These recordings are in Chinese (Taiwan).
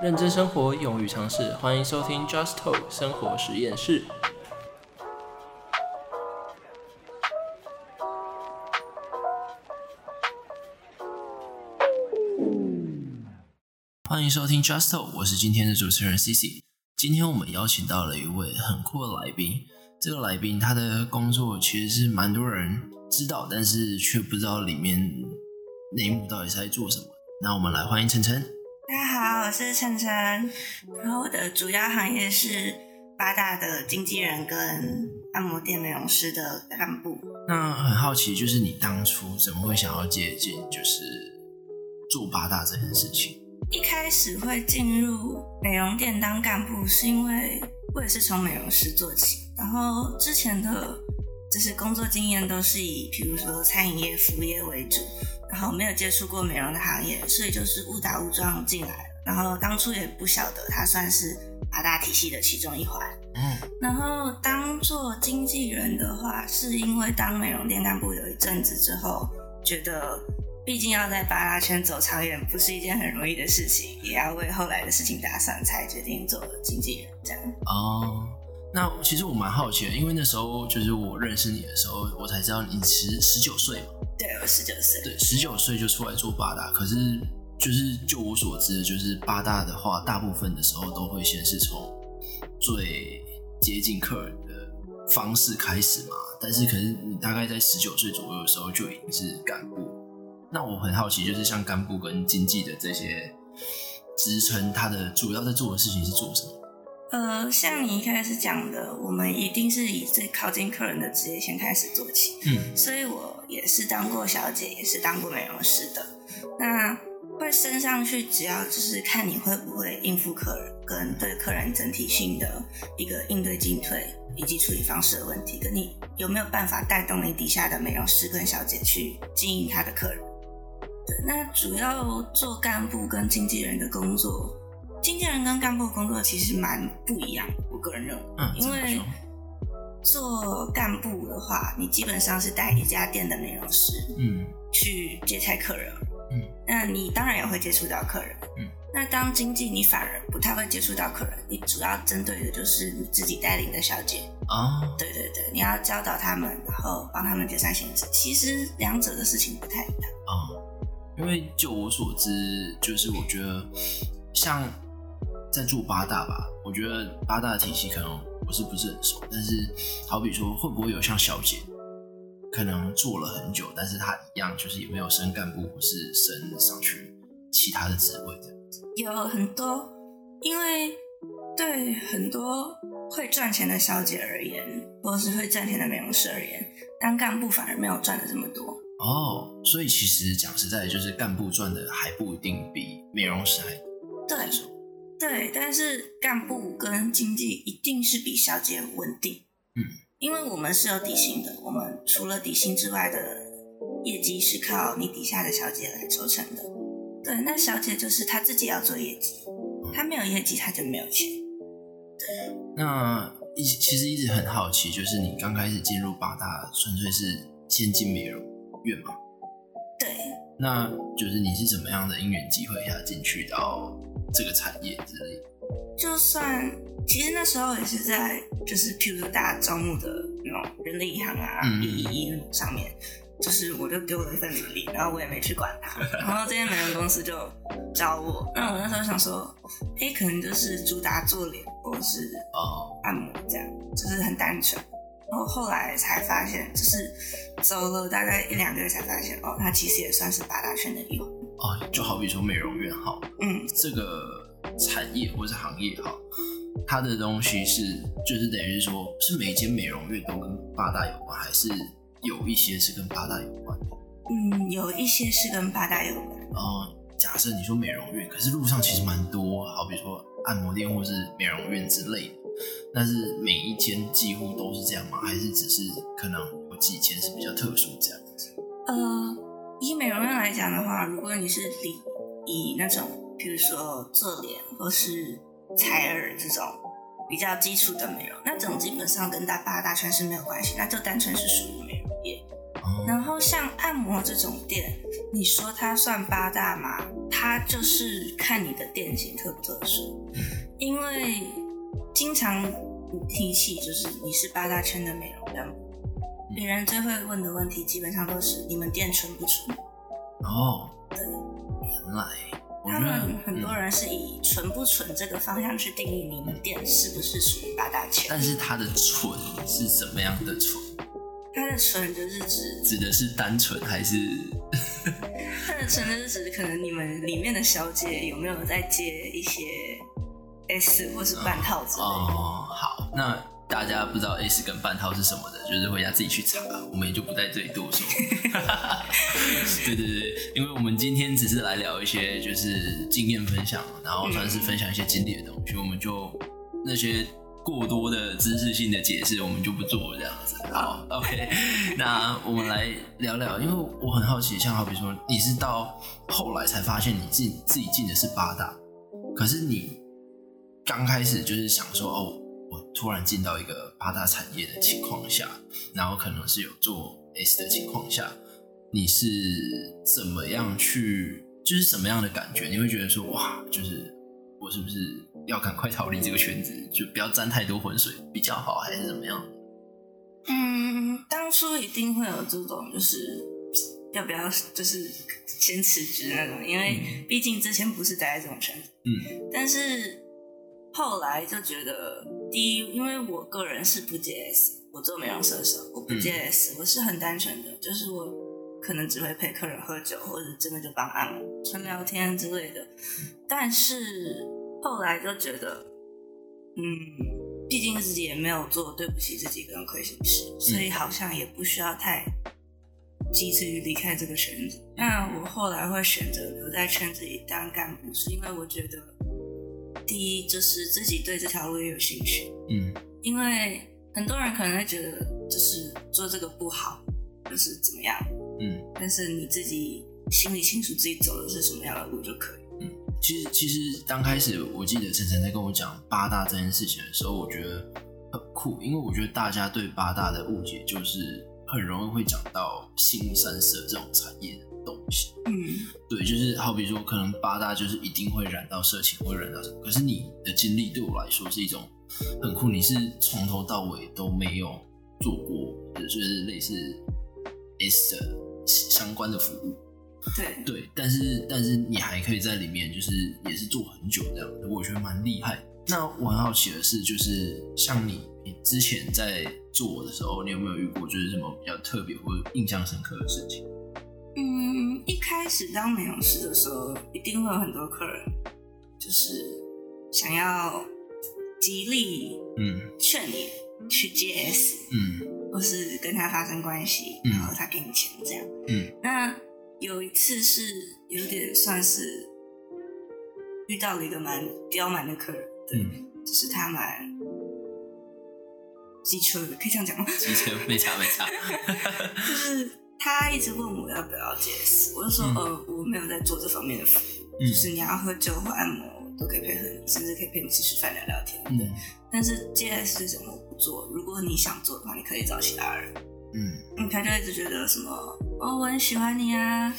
認真生活，勇於嘗試。歡迎收聽 Justo 生活實驗室。歡迎收聽 Justo，我是今天的主持人 Cici。今天我們邀請到了一位很酷的來賓。這個來賓他的工作其實是蠻多人知道，但是卻不知道裡面內幕到底是在做什麼。那我們來歡迎辰辰。我是辰辰，然後我的主要行業是八大的經紀人跟按摩店美容師的幹部。那很好奇，就是你當初怎麼會想要接近，就是做八大這件事情？一開始會進入美容店當幹部，是因為我也是從美容師做起，然後之前的就是工作經驗都是以，比如說餐飲業、服務業為主，然後沒有接觸過美容的行業，所以就是誤打誤撞進來。然後當初也不曉得它算是八大體系的其中一環。嗯。然後當做經紀人的話，是因為當美容店幹部有一陣子之後，覺得畢竟要在八大圈走長遠不是一件很容易的事情，也要為後來的事情打算，才決定做經紀人這樣，嗯。哦，那其實我蠻好奇的，因為那時候就是我認識你的時候，我才知道你十十九歲嘛。對，我十九歲。對，十九歲就出來做八大，嗯，可是。就是，就我所知，就是八大的話，大部分的時候都會先是從最接近客人的方式開始嘛。但是，可是你大概在十九歲左右的時候就已經是幹部。那我很好奇，就是像幹部跟經紀的這些職稱，它的主要在做的事情是做什麼？呃，像你一開始講的，我們一定是以最靠近客人的職業先開始做起。嗯，所以我也是當過小姐，也是當過美容師的。那會升上去，只要就是看你會不會應付客人，跟對客人整體性的一個應對進退以及處理方式的問題，跟你有沒有辦法帶動你底下的美容師跟小姐去經營他的客人。對，那主要做幹部跟經紀人的工作，經紀人跟幹部工作其實蠻不一樣。我個人認為，因為做幹部的話，你基本上是帶一家店的美容師，嗯，去接待客人。嗯，那你當然也會接觸到客人。嗯，那當經紀你反而不太會接觸到客人，你主要針對的就是你自己帶領的小姐啊。對對對，你要教導他們，然後幫他們解散限制。其實兩者的事情不太一樣啊。因為就我所知，就是我覺得像在做八大吧，我覺得八大體系可能我是不是很熟，但是好比說會不會有像小姐？可能做了很久，但是他一樣就是也沒有升幹部，或是升上去其他的職位的。有很多，因為對很多會賺錢的小姐而言，或是會賺錢的美容師而言，當幹部反而沒有賺的這麼多。哦，所以其實講實在的，就是幹部賺的還不一定比美容師還多。對，對，但是幹部跟經濟一定是比小姐穩定。嗯。因為我們是有底薪的，我們除了底薪之外的業績是靠你底下的小姐來抽成的。對，那小姐就是她自己要做業績，她沒有業績，她就沒有錢，嗯。對。那一其實一直很好奇，就是你剛開始進入八大，純粹是先進美容院嗎？對。那就是你是怎麼樣的因緣機會下進去到這個產業之類的。就算其實那時候也是在，就是譬如說大家招募的那種人力銀行啊，以、嗯、一上面，就是我就丟了一份履歷， 然後我也沒去管它，然後這些美容公司就找我，那我那時候想說，哎、欸，可能就是主打做臉或是按摩這樣，就是很單純，然後後來才發現，就是走了大概一兩個月才發現，嗯、哦，它其實也算是八大圈的一種哦，就好比說美容院好，嗯，這個。產業或者是行業哈，它的東西是就是等於是說，是每間美容院都跟八大有關，還是有一些是跟八大有關？嗯，有一些是跟八大有關。嗯，假設你說美容院，可是路上其實蠻多啊，好比說按摩店或是美容院之類的，但是每一間幾乎都是這樣嗎？還是只是可能有幾間是比較特殊這樣子？呃，以美容院來講的話，如果你是以那種。比如說做臉或是採耳這種比較基礎的美容，那種基本上跟大八大圈是沒有關係，那就單純是屬於美容業。Oh. 然後像按摩這種店，你說它算八大嗎？它就是看你的店型特不特殊， 因為經常提起就是你是八大圈的美容店，別人最會問的問題基本上都是你們店純不純？哦、oh.，對，原來。嗯、他們很多人是以純不純這個方向去定義你們店、嗯、是不是屬於八大，大但是它的純是什麼樣的純？它的純就是指指的是單純還是？它 的純就是指可能你們裡面的小姐有沒有在接一些 S 或是半套之類的？哦、嗯嗯，好，那。大家不知道 S 跟半套是什麼的，就是回家自己去查。我們也就不在這裡多說、 嗯。對對對，因為我們今天只是來聊一些就是經驗分享，然後算是分享一些經典的東西，嗯、我們就那些過多的知識性的解釋，我們就不做這樣子。好，OK，那我們來聊聊，因為我很好奇，像好比說你是到後來才發現你自己你自己進的是八大，可是你剛開始就是想說哦。突然進到一個八大產業的情況下，然後可能是有做 S 的情況下，你是怎麼樣去，就是什麼樣的感覺？你會覺得說，哇，就是我是不是要趕快逃離這個圈子，就不要沾太多渾水比較好，還是怎麼樣？嗯，當初一定會有這種，就是要不要就是先辭職那種，因為畢竟之前不是待在這種圈子。嗯，但是後來就覺得。第一，因為我個人是不接 S，我做美容師的時候，我不接 S，我是很單純的，就是我可能只會陪客人喝酒，或者真的就幫按、純聊天之類的。但是後來就覺得，嗯，畢竟自己也沒有做對不起自己跟虧心事，所以好像也不需要太急於離開這個圈子。那我後來會選擇留在圈子裡當幹部，是因為我覺得。第一就是自己對這條路也有興趣，嗯，因為很多人可能會覺得就是做這個不好，就是怎麼樣，嗯，但是你自己心裡清楚自己走的是什麼樣的路就可以，嗯，其實其實剛開始我記得辰辰在跟我講八大這件事情的時候，我覺得很酷，因為我覺得大家對八大的誤解就是很容易會講到新三色這種產業。嗯，對，就是好比說，可能八大就是一定會染到色情，會染到什麼？可是你的經歷對我來說是一種很酷，你是從頭到尾都沒有做過，就是類似 S 的相關的服務，對對。但是但是你還可以在裡面，就是也是做很久這樣，我覺得蠻厲害。那我很好奇的是，就是像你你之前在做的時候，你有沒有遇過就是什麼比較特別或印象深刻的事情？嗯，一開始當美容師的時候，一定會有很多客人，就是想要極力勸你去接 S 嗯，或是跟他發生關係，嗯，然後他給你錢這樣嗯。那有一次是有點算是遇到了一個蠻刁蠻的客人，對，嗯，就是他蠻機車，可以這樣講嗎？機車沒差沒差，沒差 就是。他一直問我要不要 JS，我就說呃、嗯哦、我沒有在做這方面的服務、嗯，就是你要喝酒或按摩都可以配合，甚至可以陪你吃吃飯聊聊天、嗯，對。但是 JS 這種我不做，如果你想做的話你可以找其他人，嗯，你他就一直覺得什麼哦，我很喜歡你啊，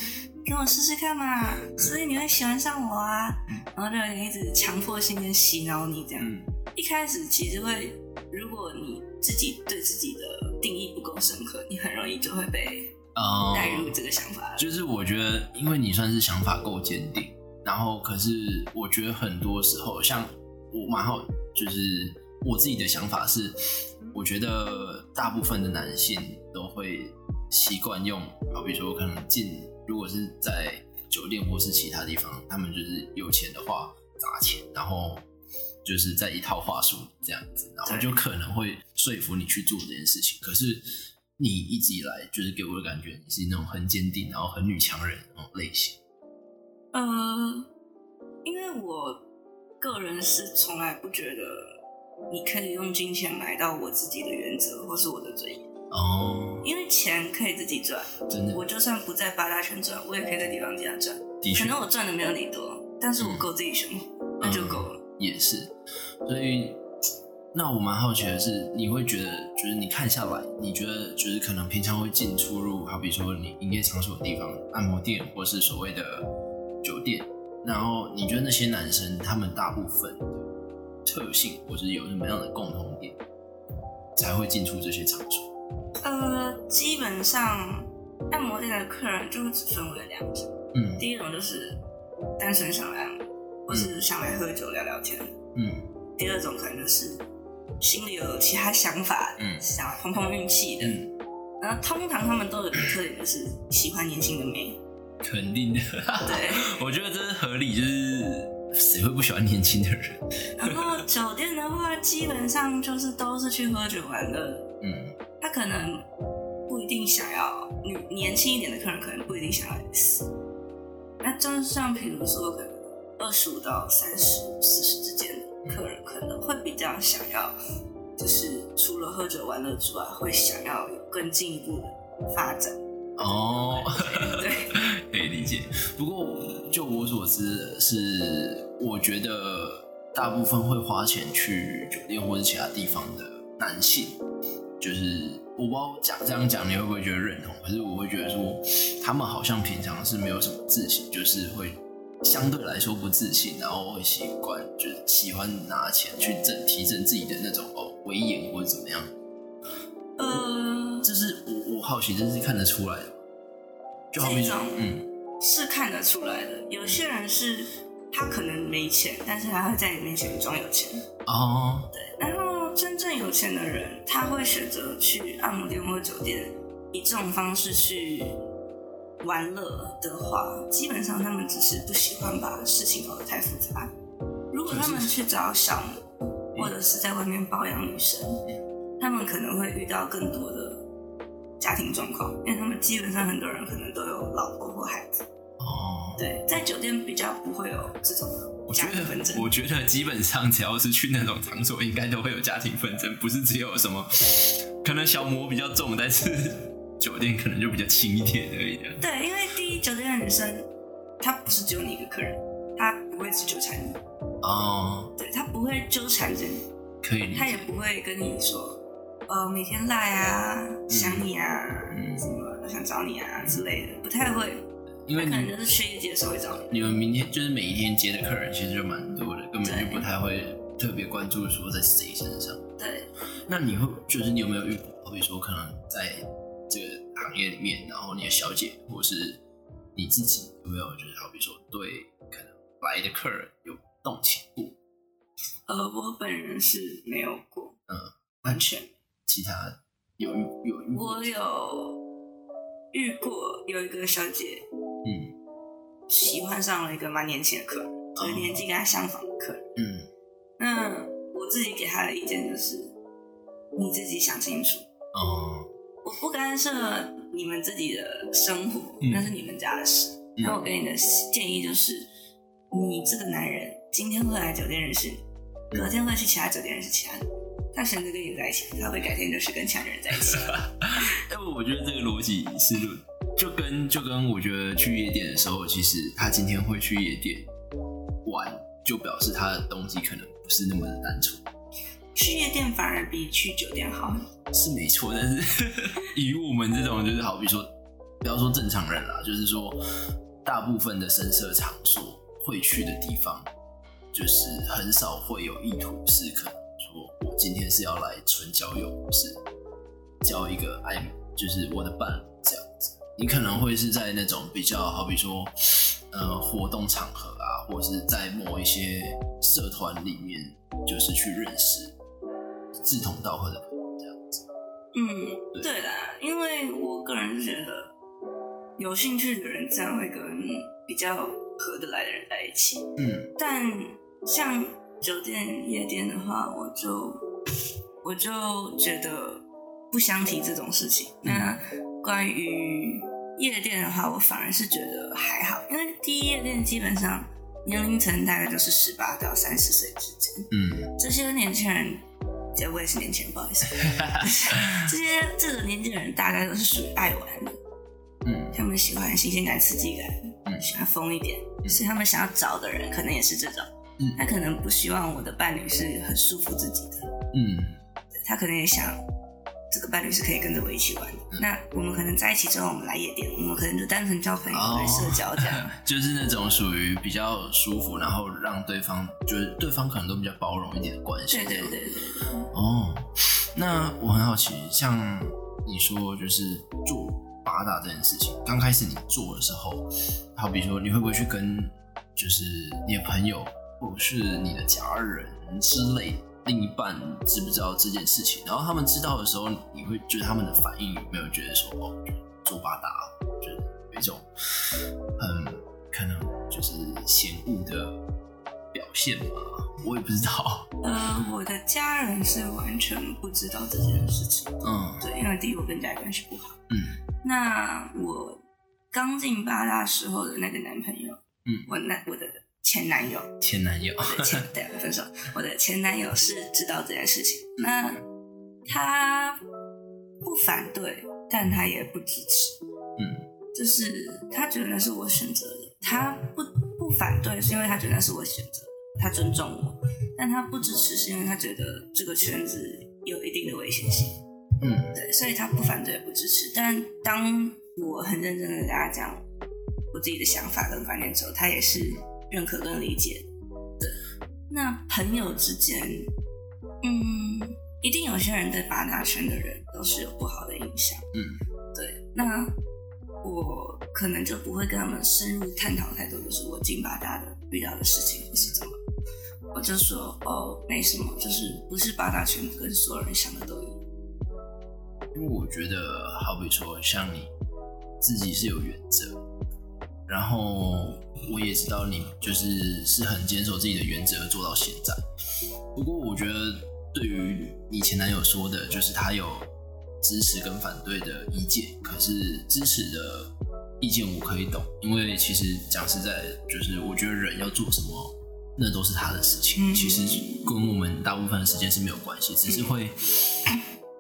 跟我試試看嘛，所、嗯、以你會喜歡上我啊，嗯、然後就一直強迫性跟洗腦你這樣、嗯，一開始其實會如果你自己對自己的定義不夠深刻，你很容易就會被。嗯、um,，帶入這個想法，就是我覺得，因為你算是想法夠堅定，然後可是我覺得很多時候，像我蠻好，就是我自己的想法是，我覺得大部分的男性都會習慣用，比如說可能進，如果是在酒店或是其他地方，他們就是有錢的話砸錢，然後就是在一套話術這樣子，然後就可能會說服你去做這件事情，可是。你一直以來就是給我的感覺，你是那種很堅定，然後很女強人那種類型、呃。嗯，因為我個人是從來不覺得你可以用金錢買到我自己的原則或是我的尊嚴。哦，因為錢可以自己賺，真的。我就算不在八大圈賺，我也可以在地方底下賺。的確，可能我賺的沒有你多，但是我夠自己什麼、嗯，那就夠了。嗯、也是，所以。那我蠻好奇的是，你會覺得，就是你看下來，你覺得，就是可能平常會進出入，好比說你營業場所的地方，按摩店或是所謂的酒店，然後你覺得那些男生他們大部分的特性，或是有什麼樣的共同點，才會進出這些場所、嗯？呃，基本上按摩店的客人就是只分為兩種，嗯，第一種就是單身想來，或是想來喝酒聊聊天嗯嗯，嗯，第二種可能就是。心裡有其他想法，嗯、想碰碰運氣的。嗯，然後通常他們都有一個特點，就是喜歡年輕的妹。肯定的。對，我覺得這是合理，就是誰會不喜歡年輕的人？然後酒店的話，基本上就是都是去喝酒玩的。嗯，他可能不一定想要，年年輕一點的客人可能不一定想要、S。那就像比如說，可能二十五到三十四十之間。客人可能會比較想要，就是除了喝酒玩樂之外，會想要有更進一步的發展。哦、oh.，對，可以 理解。不過就我所知的是，是我覺得大部分會花錢去酒店或者其他地方的男性，就是我不知道講這樣講你會不會覺得認同，可是我會覺得說，他們好像平常是沒有什麼自信，就是會。相對來說不自信，然後會習慣就是喜歡拿錢去提升自己的那種哦威嚴或者怎麼樣。呃，這是我好奇，這是看得出來就好比說嗯是看得出來的，出來的，嗯。有些人是他可能沒錢，但是他會在你面前裝有錢。哦、oh.，對。然後真正有錢的人，他會選擇去按摩店或者酒店，以這種方式去。玩樂的話，基本上他們只是不喜歡把事情搞得太複雜。如果他們去找小模、嗯、或者是在外面包養女生，他們可能會遇到更多的家庭狀況，因為他們基本上很多人可能都有老婆或孩子。哦，對，在酒店比較不會有這種家庭紛爭。我覺得，我覺得基本上只要是去那種場所，應該都會有家庭紛爭，不是只有什麼可能小模比較重，但是。酒店可能就比較輕一點的，對，因為第一酒店的女生，她不是只有你一個客人，她不會去糾纏你，哦，對，她不會糾纏着你，可以，她也不會跟你說，呃、哦，每天賴、like、啊、嗯，想你啊，嗯、什麼想找你啊之類的，不太會，因為你可能就是去接的時候會找你。你們明天就是每一天接的客人其實就蠻多的，根本就不太會特別關注說在誰身上對。對，那你會就是你有沒有遇過，比如說可能在。這個行業裡面，然後你的小姐或是你自己，有沒有就是好比說，對可能來的客人有動情過？呃，我本人是沒有過，嗯，完全。其他有遇有，有遇過？我有遇過有一個小姐，嗯，喜歡上了一個蠻年輕的客人，嗯，就是、年紀跟她相仿的客人，嗯。那我自己給她的意見就是，你自己想清楚。哦、嗯。我不干涉你們自己的生活，那是你們家的事。那、嗯、我給你的建議就是、嗯，你這個男人今天會來酒店認識你，隔天會去其他酒店認識其他人。他選擇跟你在一起，他會改天就是跟其他人在一起。因為 我覺得這個邏輯思路，就跟就跟我覺得去夜店的時候，其實他今天會去夜店玩，就表示他的動機可能不是那麼的單純。業法必去夜店反而比去酒店好是沒錯，但是呵呵以我們這種就是、嗯、好比說不要說正常人啦，就是說大部分的聲色場所會去的地方，就是很少會有意圖是可能說我今天是要來純交友，不是交一個愛，就是我的伴侶這樣子。你可能會是在那種比較好比說呃活動場合啊，或是在某一些社團裡面，就是去認識。志同道合的朋友這樣子，嗯對，對啦，因為我個人覺得有興趣的人在一個，自然會跟比較合得來的人在一起。嗯，但像酒店夜店的話，我就我就覺得不想提這種事情。嗯、那關於夜店的話，我反而是覺得還好，因為第一，夜店基本上年齡層大概都是十八到三十歲之間，嗯，這些年輕人。我也是年前，不好意思。 這些這個年紀的人大概都是屬於愛玩的，嗯，他們喜歡新鮮感、刺激感，嗯、喜歡瘋一點，就是他們想要找的人可能也是這種，嗯，他可能不希望我的伴侶是很束縛自己的，嗯，他可能也想。這個伴侶是可以跟着我一起玩的，那我們可能在一起之後，我們來夜店、嗯，我們可能就單純交朋友、哦、來社交這樣。就是那種屬於比較舒服，嗯、然後讓對方就是對方可能都比較包容一點的關係、嗯。對對對對。哦，那我很好奇，像你說就是做八大這件事情，剛開始你做的時候，好比說你會不會去跟就是你的朋友或者是你的家人之類的？嗯另一半知不知道這件事情？然後他們知道的時候，你會覺得、就是、他們的反應有沒有覺得說哦，就做八大覺得有種很、嗯、可能就是嫌惡的表現吧，我也不知道。呃，我的家人是完全不知道這件事情。嗯，對，因為第一我跟家裡關係不好。嗯，那我剛進八大時候的那個男朋友，嗯，我那我的。前男友，前男友，對，前， 對，分手。我的前男友是知道這件事情，那他不反對，但他也不支持。嗯，就是他覺得那是我選擇的，他不不反對是因為他覺得那是我選擇，他尊重我，但他不支持是因為他覺得這個圈子有一定的危險性。嗯，對，所以他不反對不支持。但當我很認真的跟大家講我自己的想法跟觀念之後，他也是。認可跟理解，對。那朋友之間，嗯，一定有些人對八大圈的人都是有不好的印象，嗯，對。那我可能就不會跟他們深入探討太多，就是我進八大的遇到的事情或是怎麼，我就說哦，沒什麼，就是不是八大圈跟所有人想的都一樣。因為我覺得，好比說像你自己是有原則。然後我也知道你就是是很堅守自己的原則而做到現在。不過我覺得對於你前男友說的，就是他有支持跟反對的意見。可是支持的意見我可以懂，因為其實講實在，就是我覺得人要做什麼，那都是他的事情，其實跟我們大部分的時間是沒有關係，只是會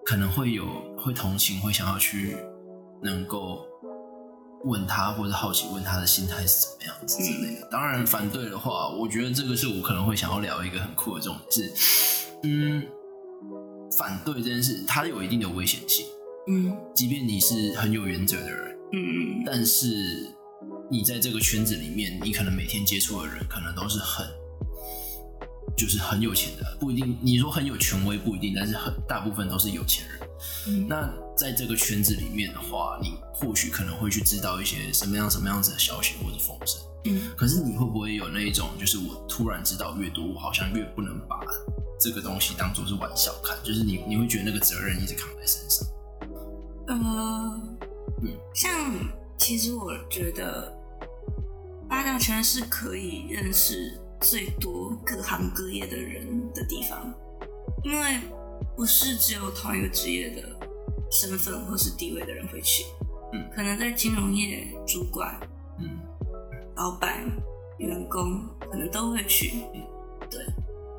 可能會有會同情，會想要去能夠。問他或者好奇問他的心態是怎麼樣子之類的。當然，反對的話，我覺得這個是我可能會想要聊一個很酷的這種是，嗯，反對這件事，它有一定的危險性。嗯，即便你是很有原則的人，嗯，但是你在這個圈子裡面，你可能每天接觸的人，可能都是很，就是很有錢的，不一定你說很有權威，不一定，但是很大部分都是有錢人。那。在這個圈子裡面的話，你或許可能會去知道一些什麼樣、什麼樣子的消息或者風聲。嗯，可是你會不會有那一種，就是我突然知道越多，我好像越不能把這個東西當做是玩笑看，就是你你會覺得那個責任一直扛在身上。呃、嗯，像其實我覺得八大圈是可以認識最多各行各業的人的地方，因為不是只有同一個職業的。身份或是地位的人會去，嗯，可能在金融業主管，嗯，老闆、員工可能都會去，對。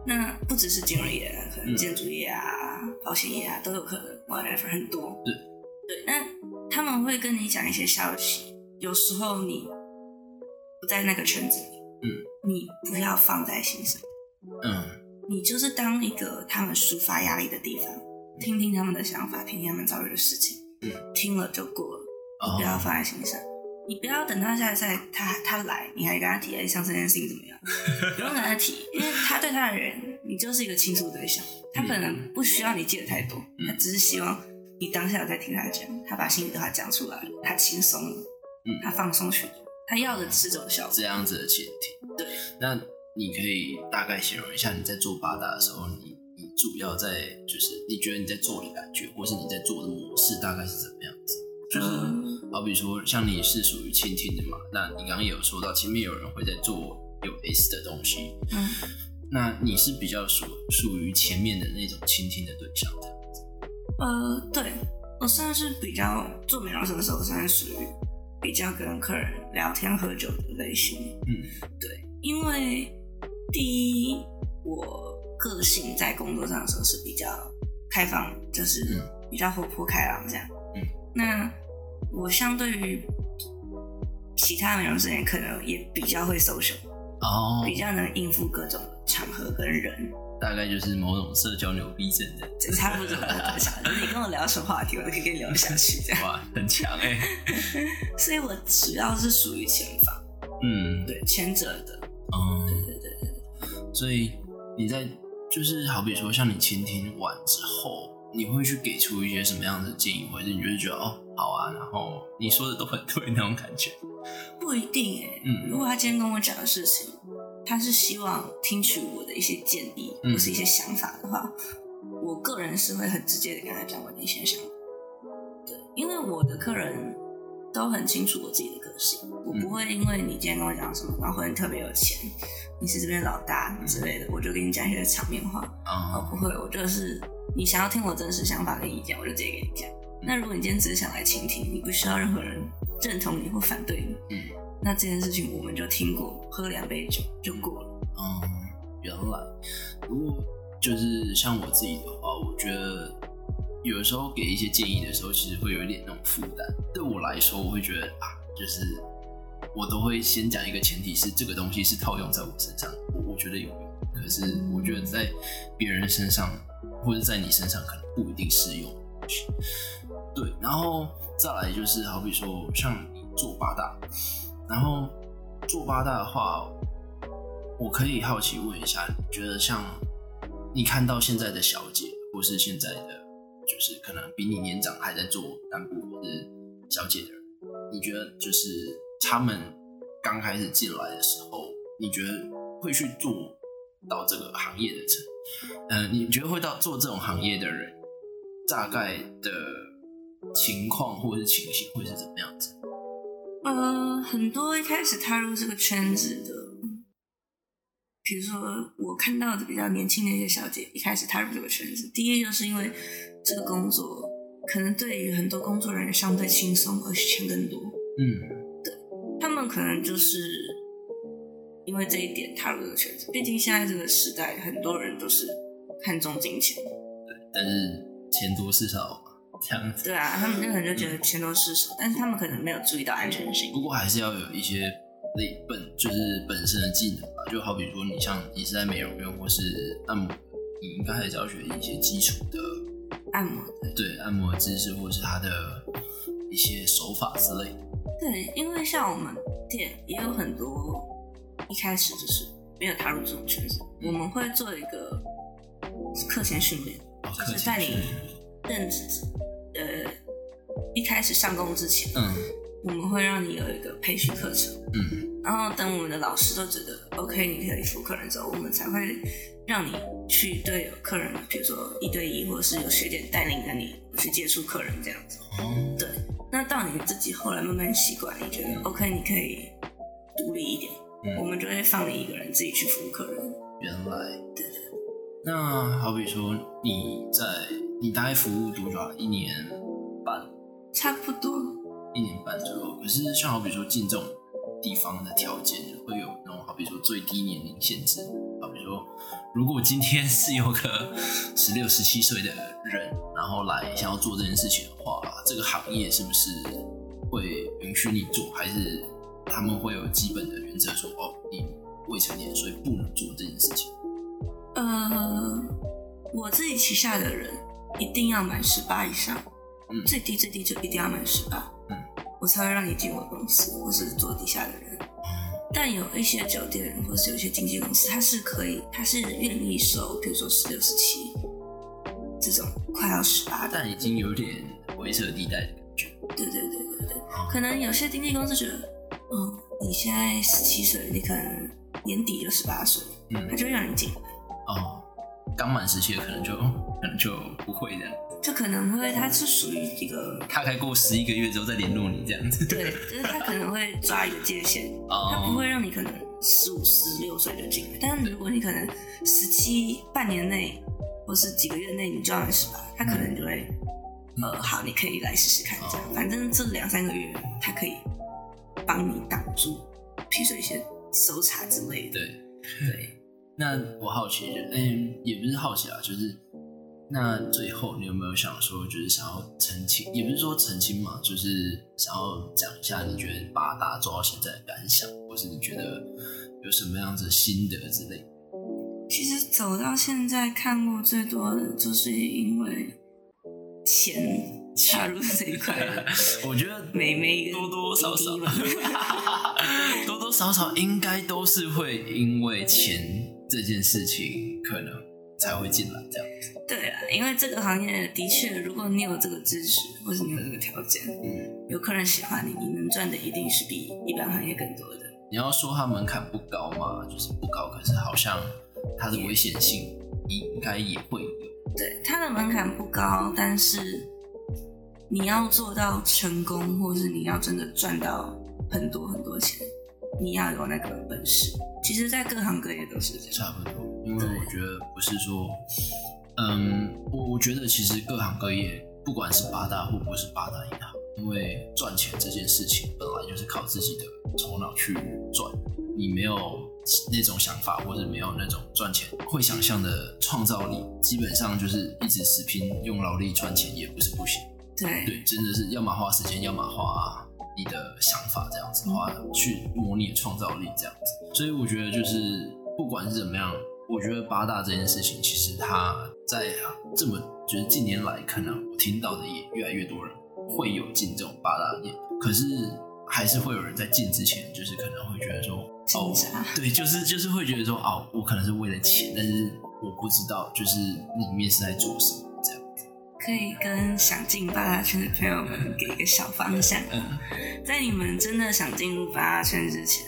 那不只是金融業，可能建築業啊、嗯、保險業啊都有可能，whatever 很多。對、嗯，對。那他們會跟你講一些消息，有時候你不在那個圈子裡，嗯，你不要放在心上，嗯，你就是當一個他們抒發壓力的地方。聽聽他們的想法，聽聽他們遭遇的事情、嗯，聽了就過了，不要放在心上。哦、你不要等現在在他下一次他他來，你還跟他提，像這件事情怎麼樣？ 不用跟他提，因為他對他的人，你就是一個傾訴對象。他本來不需要你記得太多、嗯，他只是希望你當下在聽他講、嗯，他把心裡的話講出來，他輕鬆了、嗯，他放鬆許多。他要的是一種效果。這樣子的前提，對。那你可以大概形容一下你在做八大的時候，你。主要在就是你覺得你在做的感覺，或是你在做的模式大概是怎麼樣子？就是好比說，像你是屬於傾聽的嘛？那你剛剛也有說到前面有人會在做有 S 的東西，嗯，那你是比較屬屬於前面的那種傾聽的對象的、嗯、的的對象這樣子、呃、對，我算是比較做美容師的時候，算是屬於比較跟客人聊天喝酒的類型。嗯，對，因為第一我。個性在工作上的時候是比較開放，就是比較活潑開朗這樣。嗯、那我相對於其他美容師，可能也比較會 social，哦，比較能應付各種場合跟人。大概就是某種社交牛逼症的，這差不多。你跟我聊什麼話題，我都可以跟你聊下去，這樣。哇，很強哎、欸。 所以我只要是屬於前方，嗯，對，前者的，嗯，對對對,對。所以你在。就是好比說，像你傾聽完之後，你會去給出一些什麼樣的建議，或者你就會覺得哦，好啊，然後你說的都很對那種感覺。不一定哎、嗯，如果他今天跟我講的事情，他是希望聽取我的一些建議或是一些想法的話、嗯，我個人是會很直接的跟他講我那些想法。對，因為我的個人。嗯都很清楚我自己的個性，我不會因為你今天跟我講什麼，然後你特別有錢，你是這邊老大之類的，嗯、我就給你講一些場面話哦，嗯、不會，我就是你想要聽我真實想法跟意見，我就直接給你講、嗯。那如果你今天只是想來傾聽，你不需要任何人認同你或反對你，嗯，那這件事情我們就聽過，喝兩杯酒就過了。嗯，原來，如果就是像我自己的話，我覺得。有時候給一些建議的時候，其實會有一點那種負擔。對我來說，我會覺得啊，就是我都會先講一個前提，是這個東西是套用在我身上的，我我覺得有用。可是我覺得在別人身上，或者在你身上，可能不一定適用的東西。對，然後再來就是，好比說像你做八大，然後做八大的話，我可以好奇問一下，你覺得像你看到現在的小姐，或是現在的？就是可能比你年長，還在做幹部或者小姐的人，你覺得就是他們剛開始進來的時候，你覺得會去做到這個行業的程度？你覺得會到做這種行業的人，大概的情況或者是情形會是怎麼樣子？呃，很多一開始踏入這個圈子的，比如說我看到的比較年輕的一些小姐，一開始踏入這個圈子，第一就是因為。這個工作可能對於很多工作人員相對輕鬆，而且錢更多。嗯，對，他們可能就是因為這一點踏入了這個圈子。畢竟現在這個時代，很多人都是看重金錢。對，但是錢多事少這樣子。對啊，他們可能就覺得錢多事少，嗯，但是他們可能沒有注意到安全性。嗯，不過還是要有一些類本就是本身的技能吧，就好比說你像你是在美容院或是按摩，你應該還是要學一些基礎的。按摩，對，按摩知識或者是他的一些手法之類。對，因為像我們店也有很多一開始就是沒有踏入這種圈子，我們會做一個課前訓練，嗯哦，就是在你認識呃一開始上工之前，嗯，我們會讓你有一個培訓課程，嗯，嗯，然後等我們的老師都覺得，嗯、OK，你可以服客人走，我們才會讓你。去對有客人，比如說一對一，或者是有學姐帶領着你去接觸客人這樣子。哦、嗯。對，那到你自己後來慢慢習慣，你覺得 OK，你可以獨立一點、嗯。我們就會放你一個人自己去服務客人。嗯、原來。對，對對。那好比說你在你大概服務多少一年半。差不多。一年半左右。可、就是像好比說進這種地方的條件，會有那種好比說最低年齡限制。如果今天是有個十六、十七歲的人，然後來想要做這件事情的話，這個行業是不是會允許你做？還是他們會有基本的原則說，哦，你未成年，所以不能做這件事情？呃，我自己旗下的人一定要滿十八以上，嗯，最低最低就一定要滿十八，嗯，我才會讓你進我公司，我是做底下的人。但有一些酒店或者是有些經紀公司，他是可以，他是願意收，比如說，十六十七這種，快要十八，但已經有點灰色地帶的感覺。對對對對對，可能有些經紀公司覺得，哦、嗯，你現在十七歲，你可能年底、嗯、就十八歲，他就讓你進來。哦。剛滿十七，可能就可能就不會這樣，就可能會，他是屬於一個他才、嗯、過十一個月之後再聯絡你這樣子，對，就是他可能會抓一個界限，他 嗯、不會讓你可能十五、十六歲就進來，但是如果你可能十七半年內或是幾個月內你抓到十八，他可能就會呃、嗯嗯，好，你可以來試試看這樣，嗯、反正這兩三個月他可以幫你擋住批水一些搜查之類的，對。對那我好奇，嗯、欸，也不是好奇啊，就是那最後你有沒有想說，就是想要澄清，也不是說澄清嘛，就是想要講一下，你覺得八大做到現在的感想，或是你覺得有什麼樣子的心得之類。其實走到現在，看過最多的就是因為錢，切入這一塊， 我覺得每每多多少少，多多少少應該都是會因為錢。這件事情可能才會進來這樣。對啊，因為這個行業的確，如果你有這個知識，或是你有這個條件，嗯、有客人喜歡你，你能賺的一定是比一般行業更多的。你要說它門檻不高嘛，就是不高，可是好像它的危險性、yeah. 應該也會有。對，它的門檻不高，但是你要做到成功，或是你要真的賺到很多很多錢。你要有那個本事，其實，在各行各業都是這樣。差不多，因為我覺得不是說，嗯，我我覺得其實各行各業，不管是八大或不是八大銀行，因為賺錢這件事情本來就是靠自己的頭腦去賺。你沒有那種想法，或者沒有那種賺錢會想象的創造力，基本上就是一直死拼用勞力賺錢，也不是不行。對對，真的是要麼花時間，要麼花、啊。你的想法這樣子的話，去模擬創造力這樣子，所以我覺得就是不管是怎麼樣，我覺得八大這件事情，其實他在、啊、這麼就是近年來，可能我聽到的也越來越多人會有進這種八大念，可是還是會有人在進之前，就是可能會覺得說哦，對，就是就是會覺得說哦，我可能是為了錢，但是我不知道就是裡面是在做什麼。可以跟想進八大圈的朋友們給一個小方向。在你們真的想進入八大圈之前，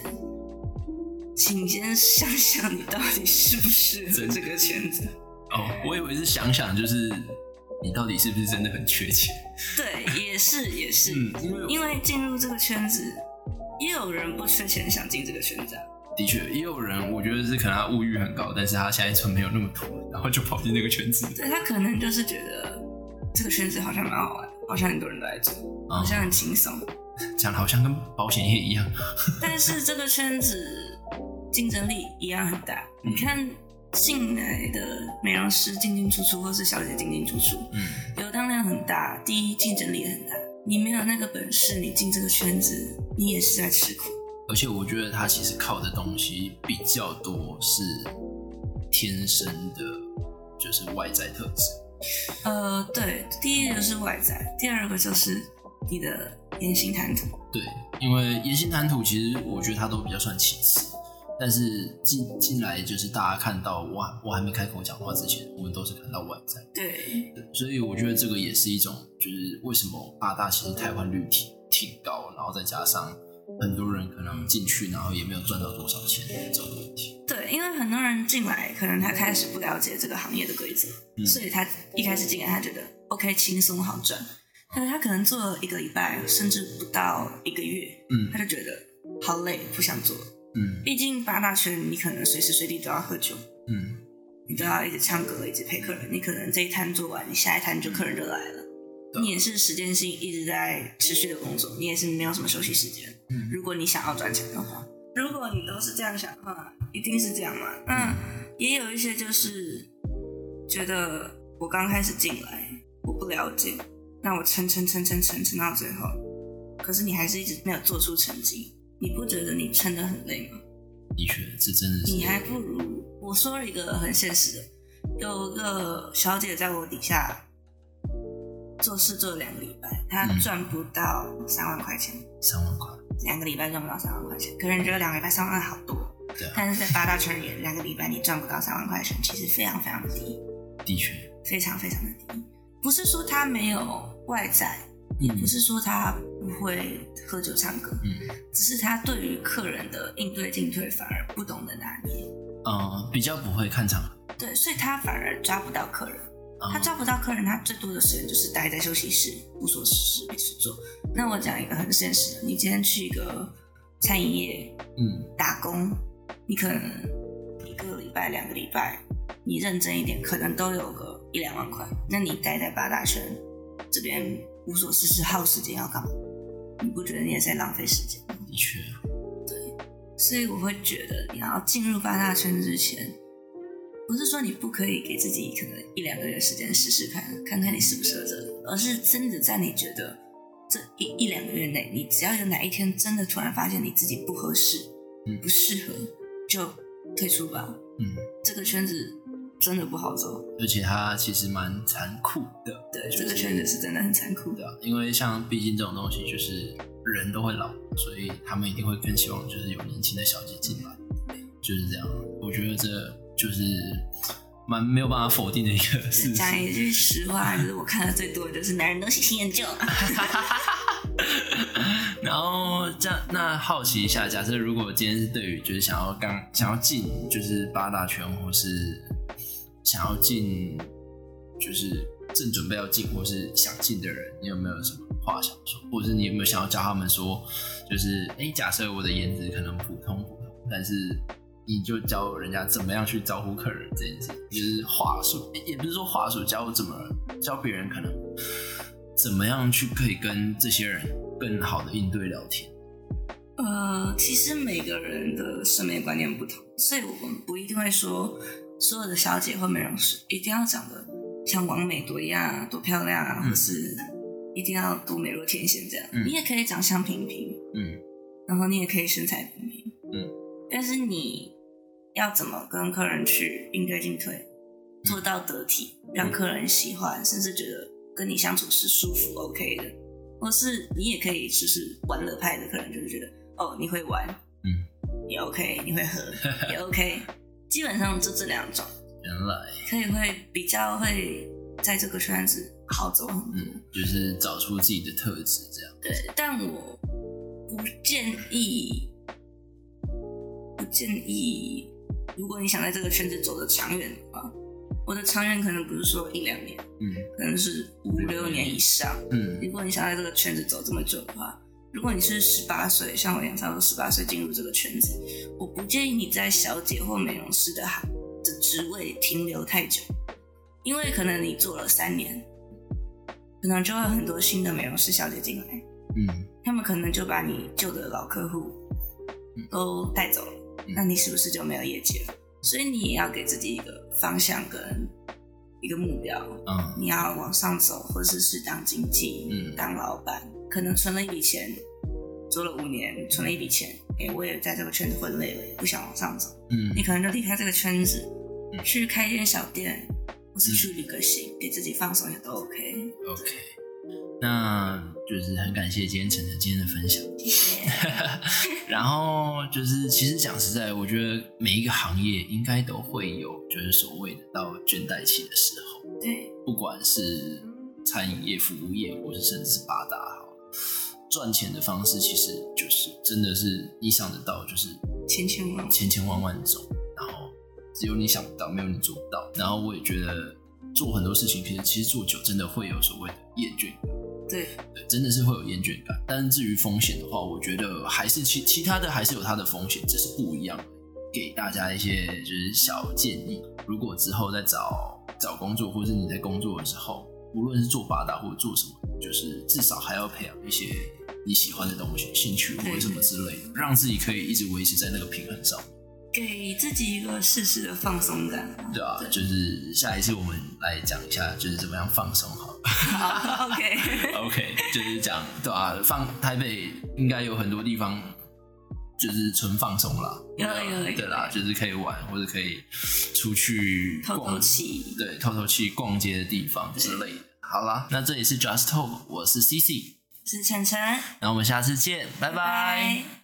請先想想你到底是不是在這個圈子。哦，我以為是想想，就是你到底是不是真的很缺錢？對，也是，也是。 嗯、因為進入這個圈子，也有人不缺錢想進這個圈子。啊，的確，也有人，我覺得是可能他物欲很高，但是他下一層沒有那麼多，然後就跑進那個圈子。對，他可能就是覺得。這個圈子好像蠻好玩，好像很多人都在做，哦，好像很輕鬆。講的好像跟保險業一樣， 但是這個圈子競爭力一樣很大。嗯、你看進來的美容師進進出出，或是小姐進進出出，流、嗯、當量很大，第一競爭力也很大。你沒有那個本事，你進這個圈子，你也是在吃苦。而且我覺得他其實靠的東西比較多，是天生的，就是外在特質。呃，對，第一個就是外在，第二個就是你的言行談吐。對，因為言行談吐其實我覺得它都比較算其次，但是進進來就是大家看到，我，我還沒開口講話之前，我們都是看到外在。對，所以我覺得這個也是一種，就是為什麼八大，大其實台灣率挺挺高，然後再加上。很多人可能進去，然後也沒有賺到多少錢，這種問題。對，因為很多人進來，可能他開始不了解這個行業的規則。嗯，所以他一開始進來，他覺得 OK 輕鬆好賺。嗯，但是他可能做了一個禮拜，甚至不到一個月，嗯，他就覺得好累，不想做。嗯，畢竟八大圈，你可能隨時隨地都要喝酒，嗯，你都要一直唱歌，一直陪客人，你可能這一攤做完，你下一攤就客人就來了，嗯，你也是時間性一直在持續的工作。嗯，你也是沒有什麼休息時間。嗯如果你想要賺錢的話，如果你都是這樣想的話，一定是這樣嘛。嗯，也有一些就是覺得我剛開始進來，我不了解，那我撐撐撐撐撐撐到最後，可是你還是一直沒有做出成績，你不覺得你撐得很累嗎？的確，這真的是。你還不如我說一個很現實的，有個小姐在我底下做事做兩個禮拜，她賺不到三萬塊錢。三萬塊。兩個禮拜賺不到三萬塊錢，客人覺得兩個禮拜三萬,萬好多，對。但是在八大圈裡， 兩個禮拜你賺不到三萬塊錢，其實非常非常低，的確，非常非常的低。不是說他沒有外在、嗯，不是說他不會喝酒唱歌，嗯，只是他對於客人的應對進退反而不懂得拿捏，嗯，比較不會看場，對，所以他反而抓不到客人。他招不到客人，他最多的時間就是待在休息室，無所事事，沒事做。那我講一個很現實的，你今天去一個餐飲業，嗯，打工，你可能一個禮拜、兩個禮拜，你認真一點，可能都有個一兩萬塊。那你待在八大圈這邊，無所事事，耗時間要幹嘛？你不覺得你也在浪費時間？的確。嗯。對。所以我會覺得，你要進入八大圈之前，嗯不是說你不可以給自己可能一兩個月時間試試看，看看你適不適合這裡，而是真的在你覺得這一一兩個月內，你只要有哪一天真的突然發現你自己不合適、嗯、不適合，就退出吧。嗯，這個圈子真的不好走，而且它其實蠻殘酷的。對，就是、這個圈子是真的很殘酷的，因為像畢竟這種東西就是人都會老，所以他們一定會更希望就是有年輕的小姐姐進來，就是這樣。我覺得這個。就是蠻沒有辦法否定的一個事實。講一句實話，就 是我看的最多的就是男人都喜新厭舊。 然後這樣，那好奇一下，假設如果今天是對於就是想要剛想要進就是八大圈或是想要進就是正準備要進或是想進的人，你有沒有什麼話想說？或者是你有沒有想要教他們說，就是哎、欸，假設我的顏值可能普通普通，但是。你就教人家怎麼樣去招呼客人，這樣子就是話術、欸，也不是說話術教我怎麼教別人，可能怎麼樣去可以跟這些人更好的應對聊天。呃，其實每個人的審美觀念不同，所以我們不一定會說所有的小姐或美容師一定要長得像王美多一樣多漂亮啊，嗯，或是一定要多美若天仙這樣，嗯。你也可以長相平平，嗯，然後你也可以身材平平，嗯。但是你要怎麼跟客人去應對進退，做到得體，嗯、讓客人喜歡、嗯，甚至覺得跟你相處是舒服 OK 的，或是你也可以試試玩樂派的客人，就是覺得哦你會玩，嗯，你 OK，你會喝，也 OK，基本上就這兩種。原來可以會比較會在這個圈子好走很多，嗯，就是找出自己的特質這樣。對，但我不建議。建議，如果你想在這個圈子走得長遠的話，我的長遠可能不是說一兩年，嗯，可能是五六年以上，嗯，如果你想在這個圈子走這麼久的話，如果你是十八歲，像我一樣差不多十八歲進入這個圈子，我不建議你在小姐或美容師的行的職位停留太久，因為可能你做了三年，可能就會很多新的美容師小姐進來，嗯，他們可能就把你舊的老客戶都帶走了。嗯嗯、那你是不是就沒有業績了？所以你也要給自己一個方向跟一個目標，嗯嗯、你要往上走，或者是去當經紀，嗯，當老板，可能存了一筆錢，做了五年、嗯，存了一筆錢，哎、欸，我也在這個圈子混累了，也不想往上走，嗯，你可能就離開這個圈子，去開一間小店，嗯、或是去旅個行，給自己放鬆一下都 OK、嗯。OK，那就是很感謝今天辰辰今天的分享，謝謝。然後就是，其實講實在，我覺得每一個行業應該都會有，就是所謂的到倦怠期的時候。對，不管是餐飲業、服務業，或是甚至是八大，賺錢的方式其實就是真的是意想得到，就是千千萬，千千萬萬種。然後只有你想不到，沒有你做不到。然後我也覺得做很多事情，其實其實做久真的會有所謂的厭倦。對，真的是會有厭倦感。但是至於風險的話，我覺得還是其其他的還是有它的風險，只是不一樣。給大家一些就是小建議，如果之後再找找工作，或者是你在工作的時候，無論是做八大或者做什麼，就是至少還要培養一些你喜歡的東西、興趣或者什麼之類的，對對對，讓自己可以一直維持在那個平衡上，給自己一個適時的放鬆感。對啊對，就是下一次我們來講一下，就是怎麼樣放鬆好。 OK OK， 就是講對吧？啊，放台北應該有很多地方，就是純放鬆啦，有有對啦，就是可以玩或者可以出去逛透透氣，對，透透氣、逛街的地方之類的。好啦，那這裡是 Just Talk，我是 C C，是晨晨，那我們下次見，拜拜。拜拜。